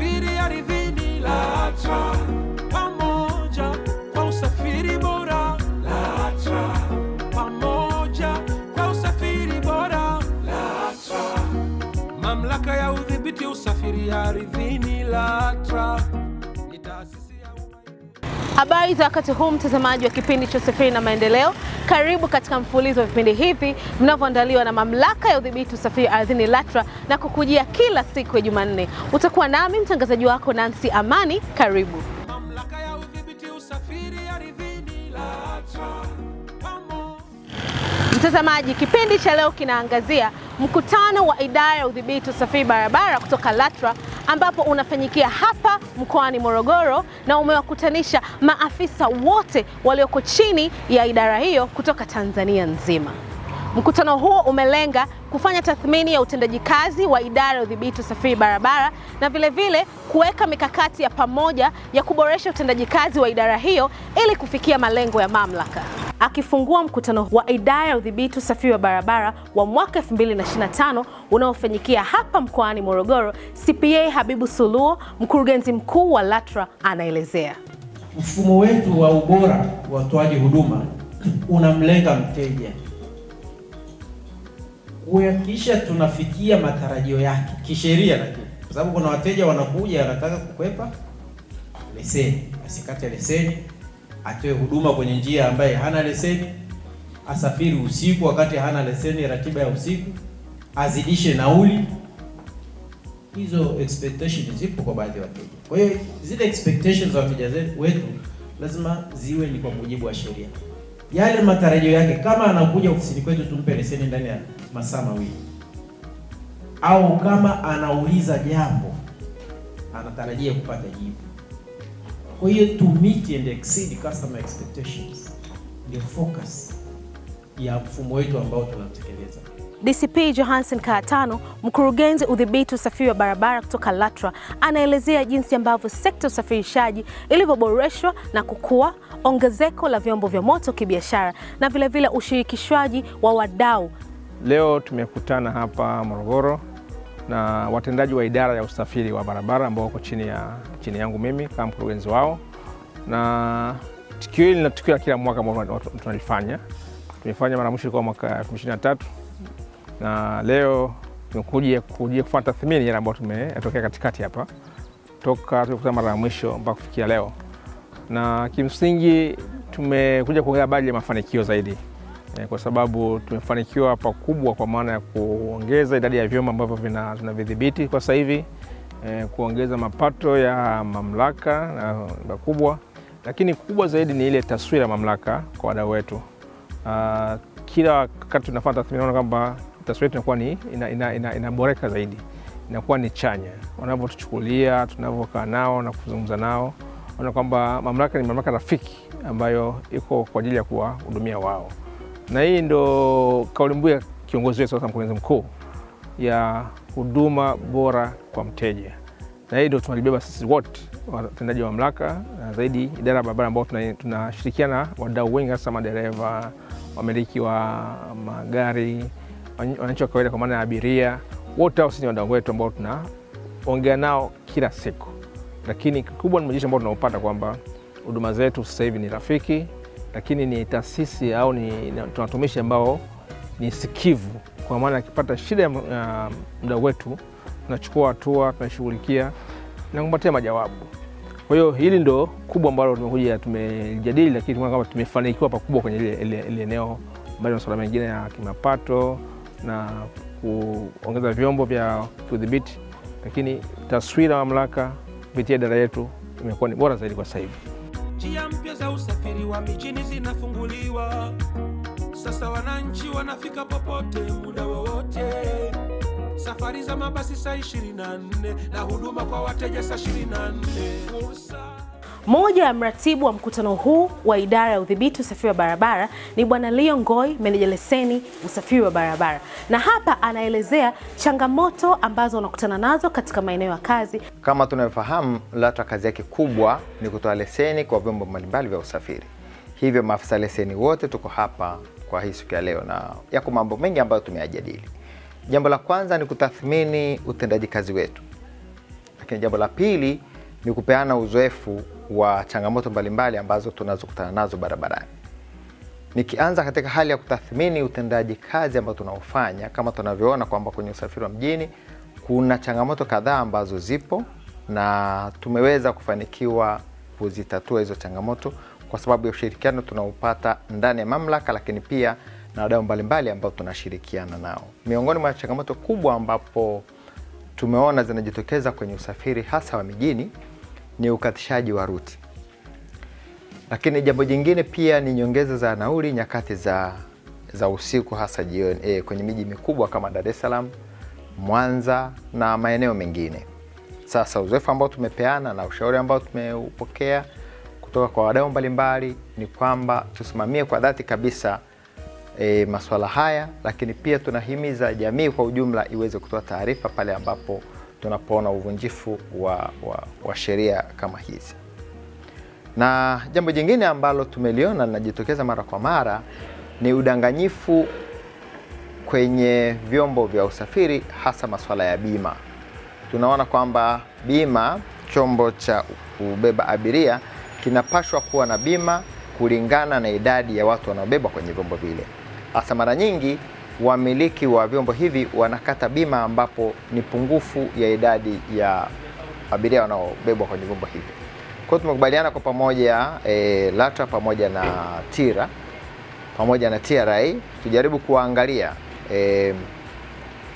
usafiri ardhini LATRA, pamoja kwa usafiri bora LATRA, pamoja kwa usafiri bora LATRA, mamlaka ya udhibiti usafiri ardhini LATRA. Habari za wakati huu, mtazamaji wa kipindi cha usafiri na maendeleo. Karibu katika mfululizo wa vipindi hivi vinavyoandaliwa na Mamlaka ya Udhibiti Usafiri Ardhini LATRA na kukujia kila siku ya Jumanne. Utakuwa nami mtangazaji wako Nancy Amani. Karibu. Mamlaka ya Udhibiti Usafiri Ardhini LATRA. Mtazamaji, kipindi cha leo kinaangazia mkutano wa idara ya udhibiti usafiri barabara kutoka LATRA ambapo unafanyikia hapa mkoani Morogoro na umewakutanisha maafisa wote walioko chini ya idara hiyo kutoka Tanzania nzima. Mkutano huo umelenga kufanya tathmini ya utendaji kazi wa idara ya udhibiti usafiri barabara na vilevile kuweka mikakati ya pamoja ya kuboresha utendaji kazi wa idara hiyo ili kufikia malengo ya mamlaka akifungua mkutano wa idara ya udhibiti usafiri wa barabara wa mwaka 2025 unaofanyikia hapa mkoani Morogoro, CPA Habibu Suluo, mkurugenzi mkuu wa LATRA, anaelezea. Mfumo wetu wa ubora wa utoaji huduma unamlenga mteja kuhakikisha tunafikia matarajio yake kisheria, lakini kwa sababu kuna wateja wanakuja wanataka kukwepa leseni, asikate leseni atoe huduma kwenye njia ambaye hana leseni, asafiri usiku wakati hana leseni, ratiba ya usiku, azidishe nauli. Hizo expectations zipo kwa baadhi ya wateja. Kwa hiyo zile expectations za wateja wetu lazima ziwe ni kwa mujibu wa sheria, yale matarajio yake. Kama anakuja ofisini kwetu tumpe leseni ndani ya masaa mawili, au kama anauliza jambo anatarajia kupata jibu. Kwa hiyo to meet and exceed customer expectations ndio focus ya mfumo wetu ambao tunatekeleza. DCP Johansen Kaatano, mkurugenzi udhibiti usafiri wa barabara kutoka LATRA, anaelezea jinsi ambavyo sekta ya usafirishaji ilivyoboreshwa na kukua, ongezeko la vyombo vya moto kibiashara na vilevile vile ushirikishwaji wa wadau. Leo tumekutana hapa Morogoro na watendaji wa idara ya usafiri wa barabara ambao wako chini ya chini yangu mimi kama mkurugenzi wao, na tukio hili na tukio la kila mwaka ambao tunalifanya. Tumefanya mara mwisho ilikuwa mwaka 2023 na leo tumekuja kuja kufanya tathmini yale ambayo tumetokea katikati hapa toka tulikutana mara ya mwisho mpaka kufikia leo, na kimsingi tumekuja kuongea habari ya mafanikio zaidi eh, kwa sababu tumefanikiwa pakubwa kwa maana ya kuongeza idadi ya vyombo ambavyo vinavidhibiti kwa sasa hivi, eh, kuongeza mapato ya mamlaka na makubwa, lakini kubwa zaidi ni ile taswira ya mamlaka kwa wadau wetu. Uh, kila wakati tunafanya tathmini naona kwamba taswira yetu inakuwa ni inaboreka ina, ina, ina zaidi, inakuwa ni chanya, wanavyotuchukulia tunavyokaa nao na kuzungumza nao, ona kwamba mamlaka ni mamlaka rafiki ambayo iko kwa ajili ya kuwahudumia wao, na hii ndo kauli mbiu ya kiongozi wetu sasa, mkurugenzi mkuu ya huduma bora kwa mteja, na hii ndio tunalibeba sisi wote watendaji wa mamlaka na zaidi idara ya barabara ambao tunashirikiana tuna wadau wengi, hasa madereva, wamiliki wa magari, wananchi wa kawaida, kwa maana ya abiria, wote hao sisi ni wadau wetu ambao tunaongea nao kila siku. Lakini kikubwa ni mjisho ambao tunaopata kwamba huduma zetu sasa hivi ni rafiki, lakini ni taasisi au ni tunatumishi ambao ni sikivu, kwa maana akipata shida ya mda wetu tunachukua hatua, tunashughulikia na kumpatia majawabu. Kwa hiyo hili ndo kubwa ambalo tumekuja tumejadili, lakini kama tumefanikiwa pakubwa kwenye ile eneo, mbali na masuala mengine ya kimapato na kuongeza vyombo vya kudhibiti, lakini taswira ya mamlaka kupitia idara yetu imekuwa ni bora zaidi kwa sasa hivi. Njia mpya za usafiri wa mijini zinafunguliwa. Sasa wananchi wanafika popote muda wowote, safari za mabasi saa 24 na huduma kwa wateja saa 24. Fursa ya mratibu wa mkutano huu wa idara ya udhibiti usafiri wa barabara ni Bwana Leo Ngoi, meneja leseni usafiri wa barabara, na hapa anaelezea changamoto ambazo wanakutana nazo katika maeneo ya kazi. Kama tunavyofahamu, LATRA kazi yake kubwa ni kutoa leseni kwa vyombo mbalimbali vya usafiri, hivyo maafisa leseni wote tuko hapa kwa hii siku ya leo, na yako mambo mengi ambayo tumeyajadili. Jambo la kwanza ni kutathmini utendaji kazi wetu, lakini jambo la pili ni kupeana uzoefu wa changamoto mbalimbali ambazo tunazokutana nazo barabarani. Nikianza katika hali ya kutathmini utendaji kazi ambao tunaofanya, kama tunavyoona kwamba kwenye usafiri wa mjini kuna changamoto kadhaa ambazo zipo na tumeweza kufanikiwa kuzitatua hizo changamoto kwa sababu ya ushirikiano tunaopata ndani ya mamlaka, lakini pia na wadau mbalimbali ambao tunashirikiana nao. Miongoni mwa changamoto kubwa ambapo tumeona zinajitokeza kwenye usafiri hasa wa mijini ni ukatishaji wa ruti, lakini jambo jingine pia ni nyongeza za nauli nyakati za, za usiku hasa jioni e, kwenye miji mikubwa kama Dar es Salaam, Mwanza na maeneo mengine. Sasa uzoefu ambao tumepeana na ushauri ambao tumeupokea kutoka kwa wadau mbalimbali ni kwamba tusimamie kwa dhati kabisa e, masuala haya, lakini pia tunahimiza jamii kwa ujumla iweze kutoa taarifa pale ambapo tunapoona uvunjifu wa, wa, wa sheria kama hizi. Na jambo jingine ambalo tumeliona linajitokeza mara kwa mara ni udanganyifu kwenye vyombo vya usafiri, hasa masuala ya bima. Tunaona kwamba bima, chombo cha kubeba abiria kinapashwa kuwa na bima kulingana na idadi ya watu wanaobebwa kwenye vyombo vile. Hasa mara nyingi wamiliki wa vyombo hivi wanakata bima ambapo ni pungufu ya idadi ya abiria wanaobebwa kwenye vyombo hivi. Kwa hiyo tumekubaliana kwa pamoja e, LATRA pamoja na TIRA pamoja na TRA tujaribu kuangalia e,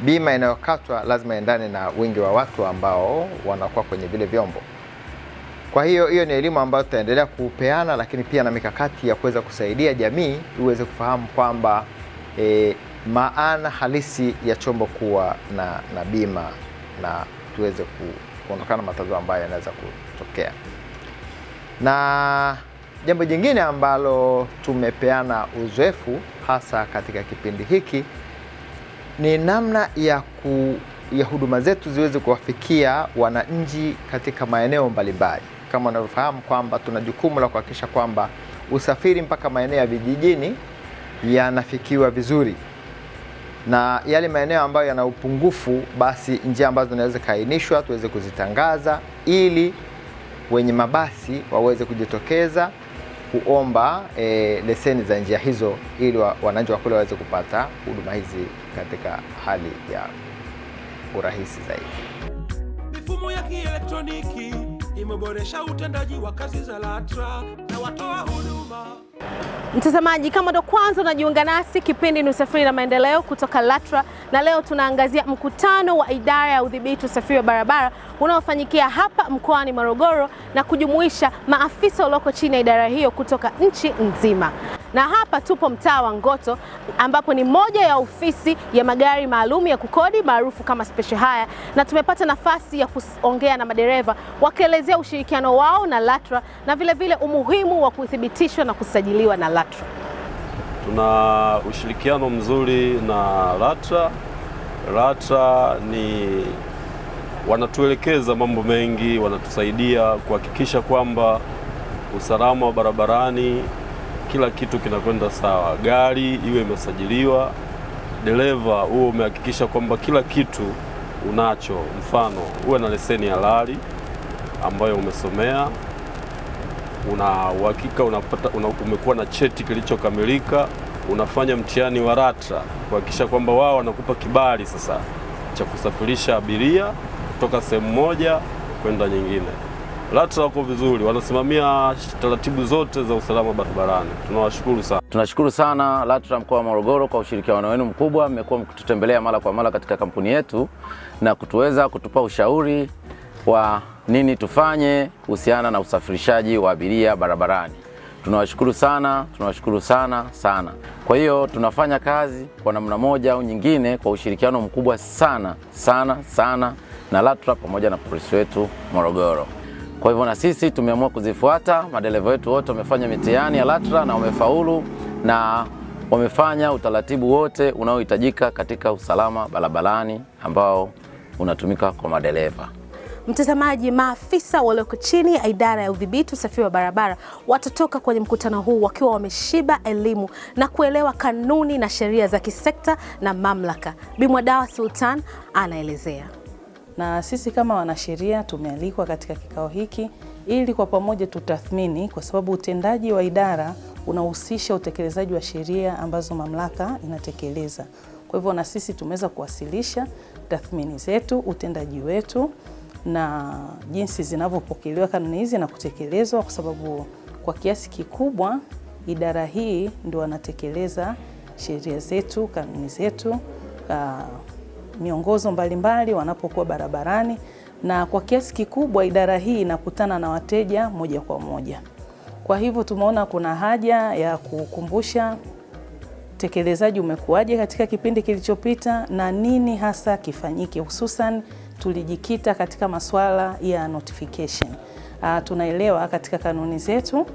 bima inayokatwa lazima endane na wingi wa watu ambao wanakuwa kwenye vile vyombo. Kwa hiyo hiyo ni elimu ambayo tutaendelea kupeana, lakini pia na mikakati ya kuweza kusaidia jamii iweze kufahamu kwamba e, maana halisi ya chombo kuwa na, na bima na tuweze kuondokana na matatizo ambayo yanaweza kutokea. Na jambo jingine ambalo tumepeana uzoefu hasa katika kipindi hiki ni namna ya ku ya huduma zetu ziweze kuwafikia wananchi katika maeneo mbalimbali kama unavyofahamu kwamba tuna jukumu la kuhakikisha kwamba usafiri mpaka maeneo ya vijijini yanafikiwa vizuri, na yale maeneo ambayo yana upungufu, basi njia ambazo zinaweza kainishwa tuweze kuzitangaza ili wenye mabasi waweze kujitokeza kuomba e, leseni za njia hizo ili wananchi wa kule waweze kupata huduma hizi katika hali ya urahisi zaidi. Mifumo ya kielektroniki imeboresha utendaji wa kazi za LATRA na watoa huduma. Mtazamaji, kama ndo kwanza unajiunga nasi, kipindi ni usafiri na maendeleo kutoka LATRA, na leo tunaangazia mkutano wa idara ya udhibiti usafiri wa barabara unaofanyikia hapa mkoani Morogoro na kujumuisha maafisa walioko chini ya idara hiyo kutoka nchi nzima na hapa tupo mtaa wa Ngoto ambapo ni moja ya ofisi ya magari maalum ya kukodi maarufu kama Special Hire, na tumepata nafasi ya kuongea na madereva wakielezea ushirikiano wao na LATRA na vilevile vile umuhimu wa kuthibitishwa na kusajiliwa na LATRA. Tuna ushirikiano mzuri na LATRA. LATRA ni wanatuelekeza mambo mengi, wanatusaidia kuhakikisha kwamba usalama wa barabarani kila kitu kinakwenda sawa, gari iwe imesajiliwa, dereva huo umehakikisha kwamba kila kitu unacho. Mfano, uwe na leseni ya lari ambayo umesomea, una uhakika unapata una, umekuwa na cheti kilichokamilika, unafanya mtihani wa LATRA kuhakikisha kwamba wao wanakupa kibali sasa cha kusafirisha abiria kutoka sehemu moja kwenda nyingine. LATRA wako vizuri, wanasimamia taratibu zote za usalama barabarani. Tunawashukuru sana. Tunashukuru sana LATRA mkoa wa Morogoro kwa ushirikiano wenu mkubwa. Mmekuwa mkitutembelea mara kwa mara katika kampuni yetu na kutuweza kutupa ushauri wa nini tufanye kuhusiana na usafirishaji wa abiria barabarani. Tunawashukuru sana, tunawashukuru sana sana. Kwa hiyo tunafanya kazi kwa namna moja au nyingine kwa ushirikiano mkubwa sana sana sana na LATRA pamoja na polisi wetu Morogoro. Kwa hivyo na sisi tumeamua kuzifuata. Madereva wetu wote wamefanya mitihani ya LATRA na wamefaulu na wamefanya utaratibu wote unaohitajika katika usalama barabarani ambao unatumika kwa madereva. Mtazamaji, maafisa walioko chini ya idara ya udhibiti usafiri wa barabara watatoka kwenye mkutano huu wakiwa wameshiba elimu na kuelewa kanuni na sheria za kisekta na mamlaka. Bimwadawa Sultan anaelezea na sisi kama wanasheria tumealikwa katika kikao hiki ili kwa pamoja tutathmini, kwa sababu utendaji wa idara unahusisha utekelezaji wa sheria ambazo mamlaka inatekeleza. Kwa hivyo na sisi tumeweza kuwasilisha tathmini zetu, utendaji wetu na jinsi zinavyopokelewa kanuni hizi na kutekelezwa, kwa sababu kwa kiasi kikubwa idara hii ndio wanatekeleza sheria zetu, kanuni zetu uh, miongozo mbalimbali wanapokuwa barabarani, na kwa kiasi kikubwa idara hii inakutana na wateja moja kwa moja. Kwa hivyo tumeona kuna haja ya kukumbusha utekelezaji umekuwaje katika kipindi kilichopita na nini hasa kifanyike. Hususan tulijikita katika masuala ya notification. Uh, tunaelewa katika kanuni zetu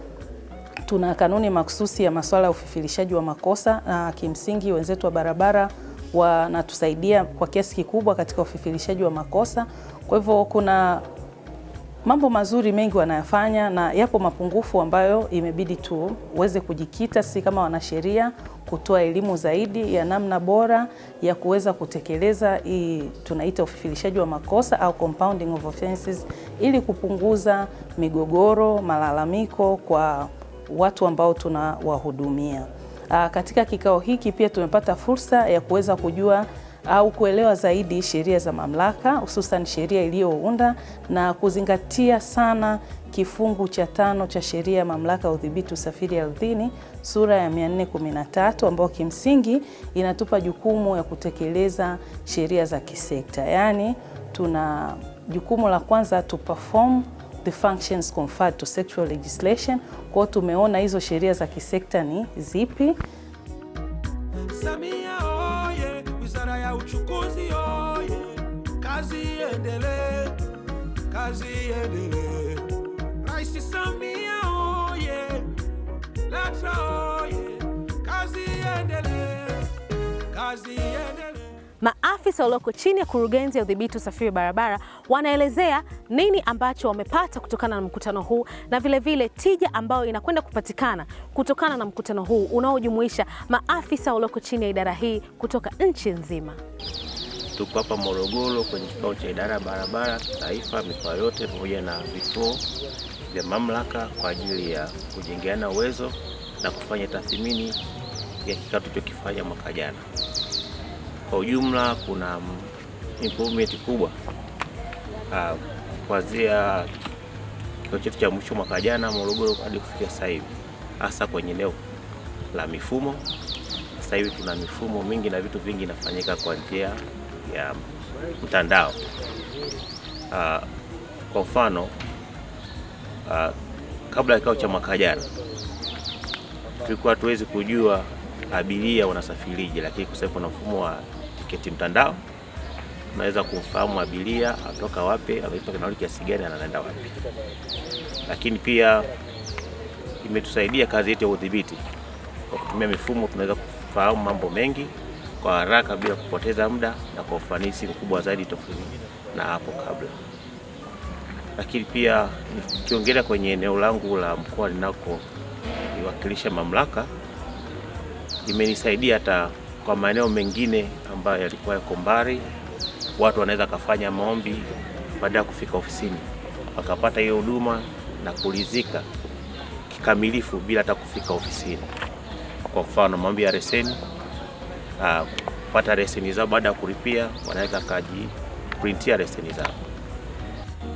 tuna kanuni mahususi ya masuala ya ufifilishaji wa makosa na kimsingi wenzetu wa barabara wanatusaidia kwa kiasi kikubwa katika ufifilishaji wa makosa. Kwa hivyo kuna mambo mazuri mengi wanayafanya na yapo mapungufu ambayo imebidi tuweze kujikita sisi kama wanasheria kutoa elimu zaidi ya namna bora ya kuweza kutekeleza hii tunaita ufifilishaji wa makosa au compounding of offenses, ili kupunguza migogoro, malalamiko kwa watu ambao tunawahudumia. Ah, katika kikao hiki pia tumepata fursa ya kuweza kujua ah, au kuelewa zaidi sheria za mamlaka hususan sheria iliyounda na kuzingatia sana kifungu cha tano cha sheria ya mamlaka ya udhibiti usafiri ardhini sura ya 413 ambayo kimsingi inatupa jukumu ya kutekeleza sheria za kisekta, yaani tuna jukumu la kwanza tu perform the functions conferred to sexual legislation. Kwa tumeona hizo sheria za kisekta ni zipi. Samia oye, wizara ya uchukuzi oye, kazi iendelee, kazi iendelee. Rais Samia oye, LATRA oye. Maafisa walioko chini ya kurugenzi ya udhibiti usafiri barabara wanaelezea nini ambacho wamepata kutokana na mkutano huu na vilevile tija ambayo inakwenda kupatikana kutokana na mkutano huu unaojumuisha maafisa walioko chini ya idara hii kutoka nchi nzima. Tuko hapa Morogoro kwenye kikao cha idara ya barabara taifa mikoa yote pamoja na vituo vya mamlaka kwa ajili ya kujengeana uwezo na kufanya tathmini ya kikao tulichokifanya mwaka jana. Kwa ujumla kuna improvement kubwa uh, kuanzia kikao chetu cha mwisho mwaka jana Morogoro hadi kufikia sasa hivi, hasa kwenye eneo la mifumo. Sasa hivi tuna mifumo mingi na vitu vingi inafanyika kwa njia ya mtandao. Uh, kwa mfano uh, kabla ya kikao cha mwaka jana tulikuwa hatuwezi kujua abiria wanasafiriji lakini kwa sababu kuna mfumo wa tiketi mtandao, unaweza kumfahamu abiria atoka wapi, amelipa nauli kiasi gani, anaenda wapi. Lakini pia imetusaidia kazi yetu ya udhibiti. Kwa kutumia mifumo, tunaweza kufahamu mambo mengi kwa haraka bila kupoteza muda na kwa ufanisi mkubwa zaidi tofauti na hapo kabla. Lakini pia nikiongelea kwenye eneo langu la mkoa ninako iwakilisha mamlaka, imenisaidia hata kwa maeneo mengine ambayo yalikuwa yako mbali, watu wanaweza kufanya maombi baada ya kufika ofisini, wakapata hiyo huduma na kulizika kikamilifu bila hata kufika ofisini. Kwa mfano, maombi ya leseni, ah, kupata leseni zao baada ya kulipia, wanaweza printia leseni zao.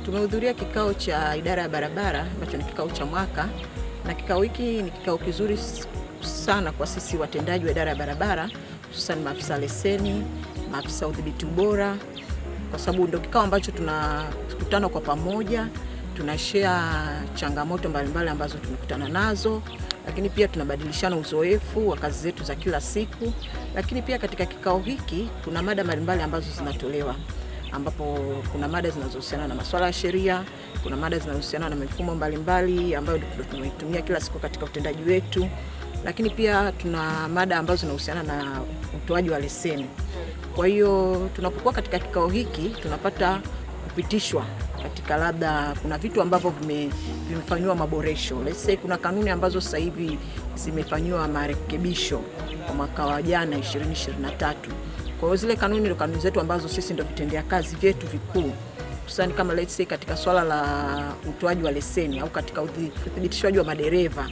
Tumehudhuria kikao cha idara ya barabara ambacho ni kikao cha mwaka, na kikao hiki ni kikao kizuri sana kwa sisi watendaji wa idara ya barabara hususan maafisa leseni, maafisa udhibiti ubora, kwa sababu ndio kikao ambacho tunakutana kwa pamoja, tunashea changamoto mbalimbali ambazo tumekutana nazo, lakini pia tunabadilishana uzoefu wa kazi zetu za kila siku. Lakini pia katika kikao hiki kuna mada mbalimbali ambazo zinatolewa ambapo kuna mada zinazohusiana na masuala ya sheria, kuna mada zinazohusiana na mifumo mbalimbali ambayo tunaitumia kila siku katika utendaji wetu lakini pia tuna mada ambazo zinahusiana na utoaji wa leseni. Kwa hiyo tunapokuwa katika kikao hiki tunapata kupitishwa katika labda kuna vitu ambavyo vimefanyiwa maboresho. Let's say kuna kanuni ambazo sasa hivi zimefanyiwa marekebisho kwa mwaka wa jana 2023. Kwa hiyo zile kanuni ndio kanuni zetu ambazo sisi ndio vitendea kazi vyetu vikuu hususani kama let's say katika swala la utoaji wa leseni au katika uthibitishwaji wa madereva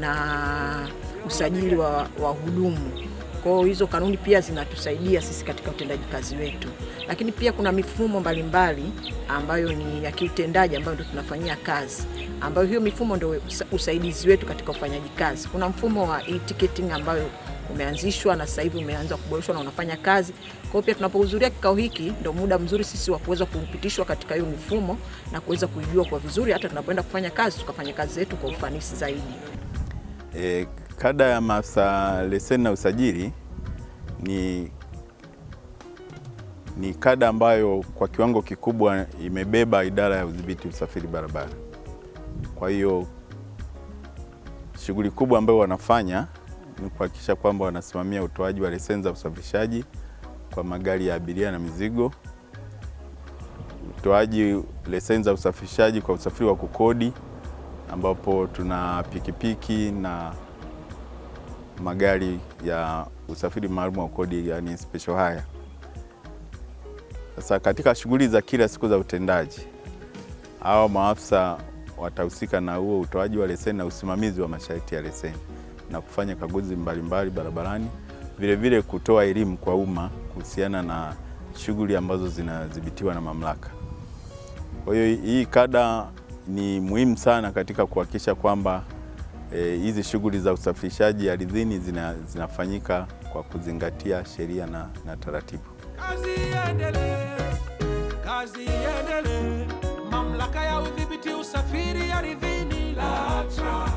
na usajili wa wahudumu. Kwa hiyo hizo kanuni pia zinatusaidia sisi katika utendaji kazi wetu, lakini pia kuna mifumo mbalimbali mbali ambayo ni ya kiutendaji ambayo ndio tunafanyia kazi, ambayo hiyo mifumo ndio usaidizi wetu katika ufanyaji kazi. Kuna mfumo wa e-ticketing ambayo umeanzishwa na sasa hivi umeanza kuboreshwa na unafanya kazi. Kwa hiyo pia tunapohudhuria kikao hiki ndio muda mzuri sisi wa kuweza kupitishwa katika hiyo mifumo na kuweza kuijua kwa vizuri, hata tunapoenda kufanya kazi tukafanya kazi zetu kwa ufanisi zaidi. E, Kada ya maafisa leseni na usajili ni, ni kada ambayo kwa kiwango kikubwa imebeba idara ya udhibiti usafiri barabara. Kwa hiyo shughuli kubwa ambayo wanafanya ni kuhakikisha kwamba wanasimamia utoaji wa leseni za usafirishaji kwa magari ya abiria na mizigo, utoaji leseni za usafirishaji kwa usafiri wa kukodi ambapo tuna pikipiki na magari ya usafiri maalum wa kodi, yani special hire. Sasa katika shughuli za kila siku za utendaji, hao maafisa watahusika na huo utoaji wa leseni na usimamizi wa masharti ya leseni na kufanya kaguzi mbalimbali barabarani, vilevile kutoa elimu kwa umma kuhusiana na shughuli ambazo zinadhibitiwa na mamlaka. Kwa hiyo hii kada ni muhimu sana katika kuhakikisha kwamba E, hizi e, shughuli za usafirishaji ardhini zina, zinafanyika kwa kuzingatia sheria na, na taratibu. Kazi iendelee, kazi iendelee. Mamlaka ya udhibiti usafiri ardhini LATRA,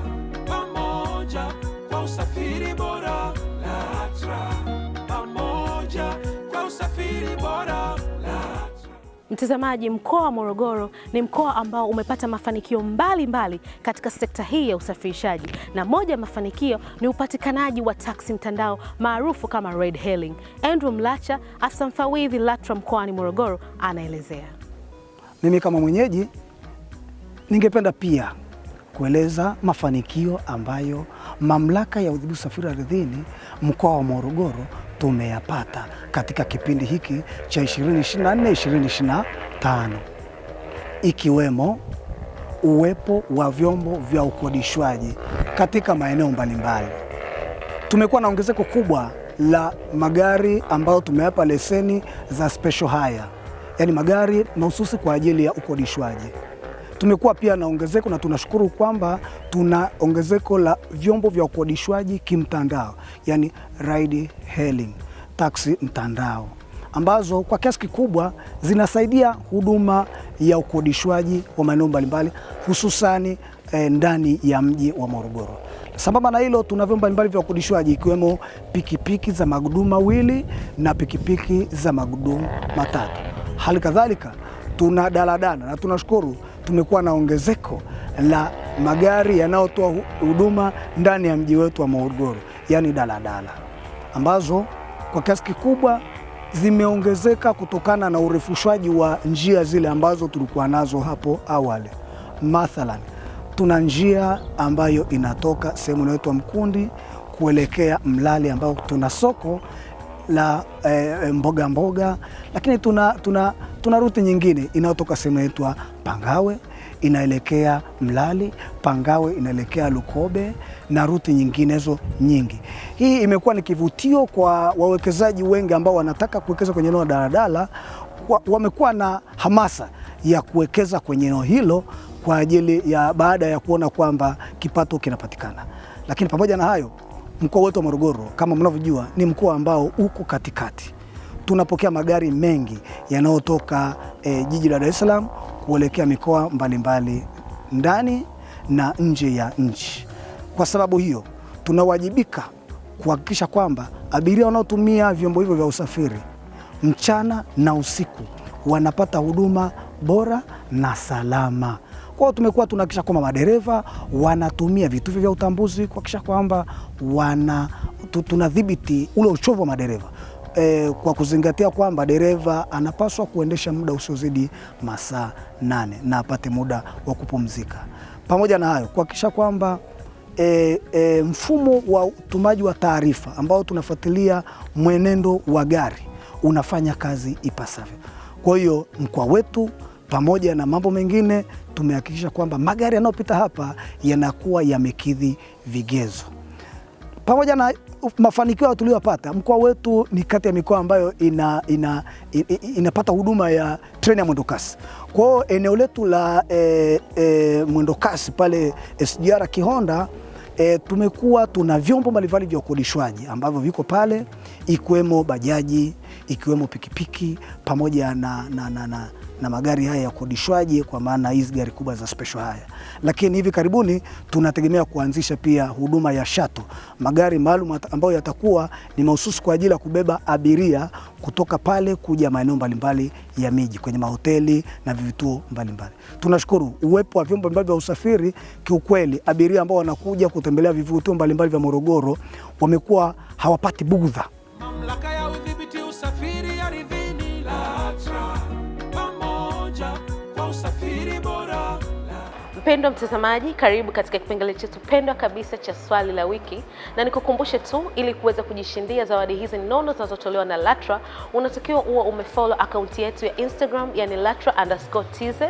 pamoja kwa usafiri bora. LATRA, pamoja kwa usafiri bora. Mtazamaji, mkoa wa Morogoro ni mkoa ambao umepata mafanikio mbalimbali mbali katika sekta hii ya usafirishaji, na moja ya mafanikio ni upatikanaji wa taksi mtandao maarufu kama red hailing. Andrew Mlacha, afisa mfawidhi LATRA mkoani Morogoro, anaelezea. Mimi kama mwenyeji ningependa pia kueleza mafanikio ambayo mamlaka ya udhibiti usafiri ardhini mkoa wa Morogoro tumeyapata katika kipindi hiki cha 2024 2025, ikiwemo uwepo wa vyombo vya ukodishwaji katika maeneo mbalimbali. Tumekuwa na ongezeko kubwa la magari ambayo tumeyapa leseni za special hire, yaani magari mahususi kwa ajili ya ukodishwaji tumekuwa pia na ongezeko na tunashukuru kwamba tuna ongezeko la vyombo vya ukodishwaji kimtandao, yani ride hailing, taxi mtandao ambazo kwa kiasi kikubwa zinasaidia huduma ya ukodishwaji wa maeneo mbalimbali hususani e, ndani ya mji wa Morogoro. Sambamba na hilo, tuna vyombo mbalimbali vya ukodishwaji ikiwemo pikipiki za magurudumu mawili na pikipiki za magurudumu matatu. Hali kadhalika tuna daladala na tunashukuru tumekuwa na ongezeko la magari yanayotoa huduma ndani ya mji wetu wa Morogoro, yaani daladala ambazo kwa kiasi kikubwa zimeongezeka kutokana na urefushwaji wa njia zile ambazo tulikuwa nazo hapo awali. Mathalan, tuna njia ambayo inatoka sehemu inayoitwa Mkundi kuelekea Mlali ambao tuna soko la eh, eh, mboga mboga, lakini tuna, tuna, tuna ruti nyingine inayotoka sehemu inaitwa Pangawe inaelekea Mlali, Pangawe inaelekea Lukobe na ruti nyinginezo nyingi. Hii imekuwa ni kivutio kwa wawekezaji wengi ambao wanataka kuwekeza kwenye eneo la daladala, wamekuwa na hamasa ya kuwekeza kwenye eneo hilo kwa ajili ya baada ya kuona kwamba kipato kinapatikana. Lakini pamoja na hayo Mkoa wetu wa Morogoro kama mnavyojua ni mkoa ambao uko katikati. Tunapokea magari mengi yanayotoka e, jiji la Dar es Salaam kuelekea mikoa mbalimbali ndani na nje ya nchi. Kwa sababu hiyo, tunawajibika kuhakikisha kwamba abiria wanaotumia vyombo hivyo vya usafiri mchana na usiku wanapata huduma bora na salama. Kwao tumekuwa tunahakikisha kwamba madereva wanatumia vitu vya utambuzi kuhakikisha kwamba wana tunadhibiti ule uchovu wa madereva. E, kwa kuzingatia kwamba dereva anapaswa kuendesha muda usiozidi masaa nane na apate muda wa kupumzika. Pamoja na hayo kuhakikisha kwamba e, e, mfumo wa utumaji wa taarifa ambao tunafuatilia mwenendo wa gari unafanya kazi ipasavyo. Kwa hiyo mkoa wetu pamoja na mambo mengine, tumehakikisha kwamba magari yanayopita hapa yanakuwa yamekidhi vigezo. Pamoja na mafanikio tuliyopata, mkoa wetu ni kati ya mikoa ambayo ina, ina, inapata huduma ya treni ya mwendokasi. Kwa hiyo eneo letu la e, e, mwendokasi pale SGR Kihonda e, tumekuwa tuna vyombo mbalimbali vya ukodishwaji ambavyo viko pale ikiwemo bajaji, ikiwemo pikipiki pamoja na, na, na, na na magari haya ya kodishwaje, kwa maana hizi gari kubwa za special haya. Lakini hivi karibuni tunategemea kuanzisha pia huduma ya shato, magari maalum ambayo yatakuwa ni mahususi kwa ajili ya kubeba abiria kutoka pale kuja maeneo mbalimbali ya miji kwenye mahoteli na vivituo mbalimbali. Tunashukuru uwepo wa vyombo mbalimbali vya usafiri. Kiukweli, abiria ambao wanakuja kutembelea vivutio mbalimbali vya Morogoro wamekuwa hawapati bugudha. usafiri bora. Mpendwa mtazamaji, karibu katika kipengele chetu pendwa kabisa cha swali la wiki, na nikukumbushe tu, ili kuweza kujishindia zawadi hizi nono zinazotolewa na LATRA unatakiwa uwe umefollow akaunti yetu ya Instagram, yani LATRA underscore tz,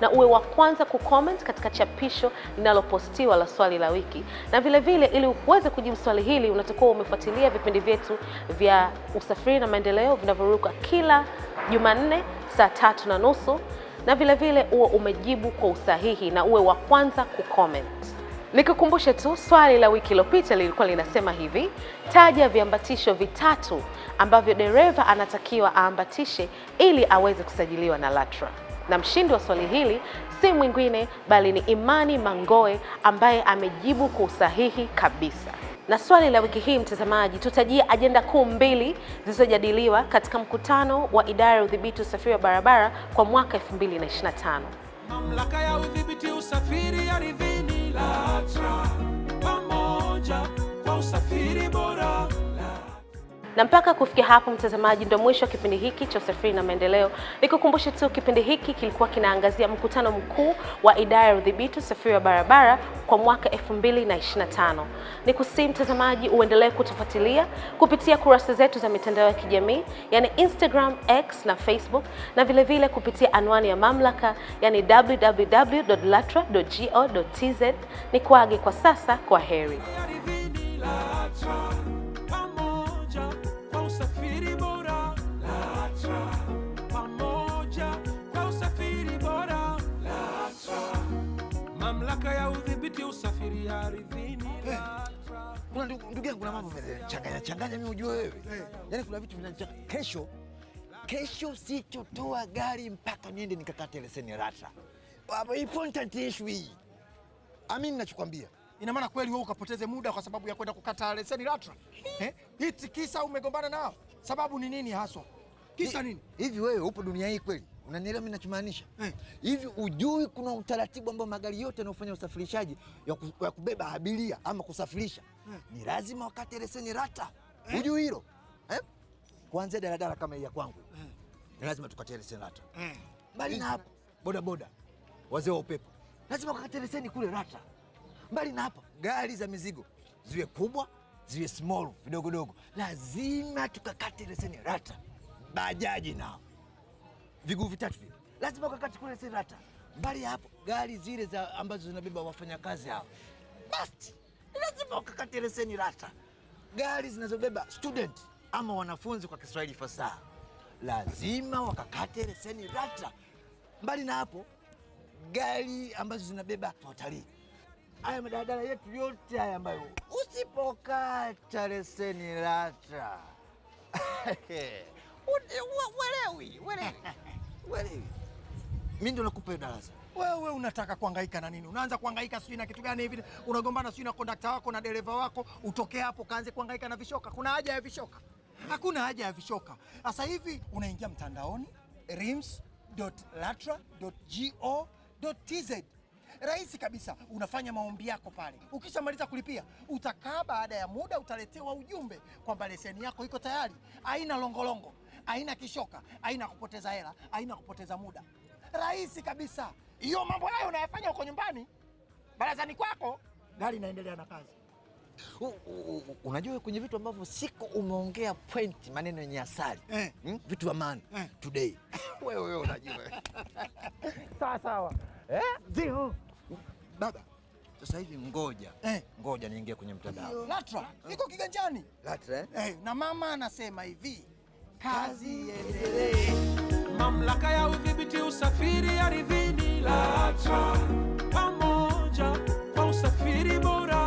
na uwe wa kwanza kucomment katika chapisho linalopostiwa la swali la wiki. Na vilevile vile, ili uweze kujibu swali hili unatakiwa umefuatilia vipindi vyetu vya usafiri na maendeleo vinavyoruka kila Jumanne saa tatu na nusu na vile vile uwe umejibu kwa usahihi na uwe wa kwanza kucomment. Nikukumbushe tu swali la wiki iliyopita lilikuwa linasema hivi: taja viambatisho vitatu ambavyo dereva anatakiwa aambatishe ili aweze kusajiliwa na LATRA, na mshindi wa swali hili si mwingine bali ni Imani Mangoe ambaye amejibu kwa usahihi kabisa. Na swali la wiki hii mtazamaji, tutajia ajenda kuu mbili zilizojadiliwa katika mkutano wa idara ya udhibiti usafiri wa barabara kwa mwaka 2025. Mamlaka ya udhibiti usafiri ardhini LATRA, pamoja kwa usafiri bora. Na mpaka kufikia hapo, mtazamaji, ndio mwisho wa kipindi hiki cha Usafiri na Maendeleo. Nikukumbushe tu kipindi hiki kilikuwa kinaangazia mkutano mkuu wa idara ya udhibiti usafiri wa barabara kwa mwaka 2025. Nikusii mtazamaji, uendelee kutufuatilia kupitia kurasa zetu za mitandao ya kijamii yani Instagram, X na Facebook na vilevile vile kupitia anwani ya mamlaka yani www.latra.go.tz. Nikuage kwa sasa, kwa heri. Mamlaka ya udhibiti usafiri ardhini. Eh. Kuna ndugu yangu na mambo changanya changanya, mimi ujue wewe. Eh. Yaani kuna vitu vinanichanganya. Kesho kesho sichotoa gari mpaka niende nikakate leseni rata. important issue hii. Amini nachokwambia. Ina maana kweli wewe ukapoteze muda kwa sababu ya kwenda kukata leseni LATRA? Eh? Eti kisa umegombana nao. Sababu ni nini haswa? Kisa nini? Hivi wewe upo dunia hii kweli? Unanielewa mimi ninachomaanisha? Eh. Hivi hmm, ujui kuna utaratibu ambao magari yote yanayofanya usafirishaji ya kubeba abiria ama kusafirisha hmm, ni lazima wakate leseni rata hmm. Eh. Ujui hilo eh? Kuanzia daladala kama hii ya kwangu hmm, ni lazima tukate leseni rata hmm. Mbali na hapo bodaboda, wazee wa upepo lazima wakate leseni kule rata. Mbali na hapo, gari za mizigo ziwe kubwa ziwe small vidogodogo, lazima tukakate leseni rata. Bajaji nao viguu vitatu vile, lazima ukakati kule Sirata. Mbali ya hapo gari zile za ambazo zinabeba wafanyakazi hao, basi lazima ukakate leseni Rata. Gari zinazobeba student ama wanafunzi kwa Kiswahili fasaha lazima wakakate leseni Rata. Mbali na hapo gari ambazo zinabeba watalii, haya madaladala yetu yote haya ambayo usipokata leseni Rata Uelewi, Mimi nakupa darasa. Wewe unataka kuhangaika na nini? Unaanza kuhangaika sijui na kitu gani hivi? Unagombana sijui na kondakta wako na dereva wako, utokee hapo kaanze kuhangaika na vishoka. Kuna haja ya vishoka? Hakuna haja ya vishoka. Sasa hivi unaingia mtandaoni rims.latra.go.tz. Rahisi kabisa, unafanya maombi yako pale. Ukishamaliza kulipia, utakaa, baada ya muda utaletewa ujumbe kwamba leseni yako iko tayari, haina longolongo haina kishoka, haina kupoteza hela, haina kupoteza muda, rahisi kabisa. Hiyo mambo hayo unayafanya huko nyumbani barazani kwako, gari inaendelea na kazi. unajua kwenye vitu ambavyo siku umeongea point maneno yenye asali eh, hmm? vitu vya maana eh, today wewe wewe unajua sawa sawa eh? Ndio baba, sasa hivi ngoja eh, ngoja niingie kwenye mtandao LATRA iko kiganjani LATRA eh? Eh, na mama anasema hivi kazi iendelee. Mamlaka ya udhibiti usafiri ardhini LATRA, pamoja kwa usafiri bora.